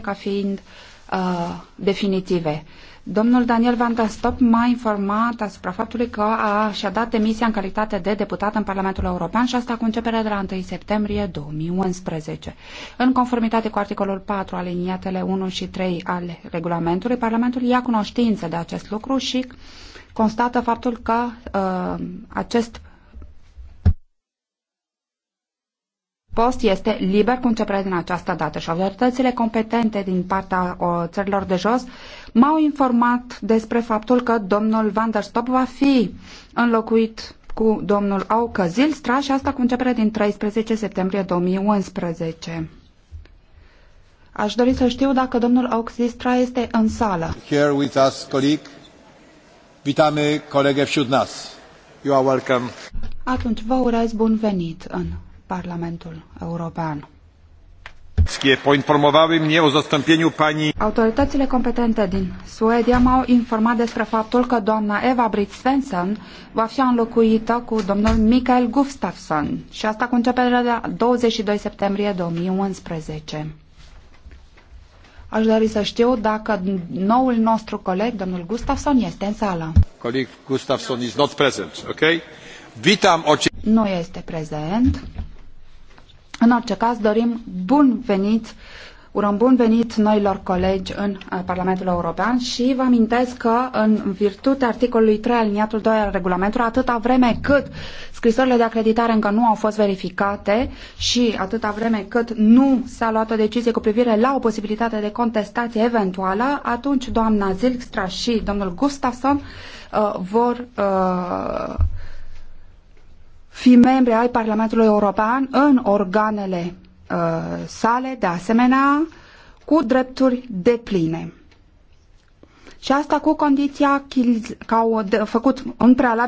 aceste ca fiind uh, definitive. Domnul Daniel Van Stop m-a informat asupra faptului că a, și-a dat demisia în calitate de deputat în Parlamentul European și asta cu începerea de la 1 septembrie 2011. În conformitate cu articolul 4 aliniatele 1 și 3 ale regulamentului, Parlamentul ia cunoștință de acest lucru și constată faptul că uh, acest post este liber ce prea din această dată și autoritățile competente din partea o, țărilor de jos m-au informat despre faptul că domnul Van der Stop va fi înlocuit cu domnul Auca Zilstra și asta cu începere din 13 septembrie 2011. Aș dori să știu dacă domnul Auca Zilstra este în sală. Here with us, colleague. Vitame, kolegę You are welcome. Atunci vă urez bun venit în Parlamentul European. Autoritățile competente din Suedia m-au informat despre faptul că doamna Eva Britt Svensson va fi înlocuită cu domnul Mikael Gustafsson și asta cu începerea de la 22 septembrie 2011. Aș dori să știu dacă noul nostru coleg, domnul Gustafsson, este în sală. Coleg Gustafsson is not present, ok? Vitam orice... Nu este prezent. În orice caz, dorim bun venit Urăm bun venit noilor colegi în uh, Parlamentul European și vă amintesc că în virtutea articolului 3 aliniatul 2 al regulamentului, atâta vreme cât scrisorile de acreditare încă nu au fost verificate și atâta vreme cât nu s-a luat o decizie cu privire la o posibilitate de contestație eventuală, atunci doamna Zilkstra și domnul Gustafsson uh, vor uh, fi membri ai Parlamentului European în organele uh, sale, de asemenea, cu drepturi depline. Și asta cu condiția că au făcut în prealabil